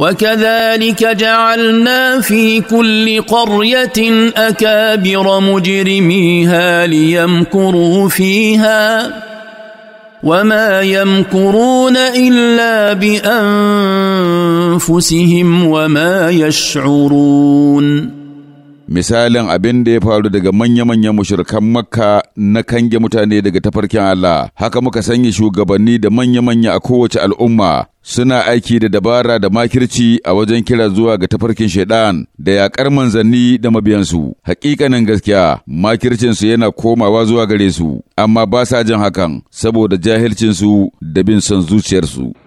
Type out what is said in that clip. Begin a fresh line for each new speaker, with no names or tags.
وكذلك جعلنا في كل قريه اكابر مجرميها ليمكروا فيها وما يمكرون الا بانفسهم
وما يشعرون misalin abin da ya faru daga manya-manyan mushrikan makka na kange mutane daga tafarkin Allah haka muka sanya shugabanni da manya-manya a kowace al'umma suna aiki da dabara da makirci a wajen kira zuwa ga tafarkin shaidan da yaƙar manzanni da mabiyansu hakikanin gaskiya makircinsu yana komawa zuwa gare su amma ba sa jin hakan saboda jahilcinsu da bin son zuciyarsu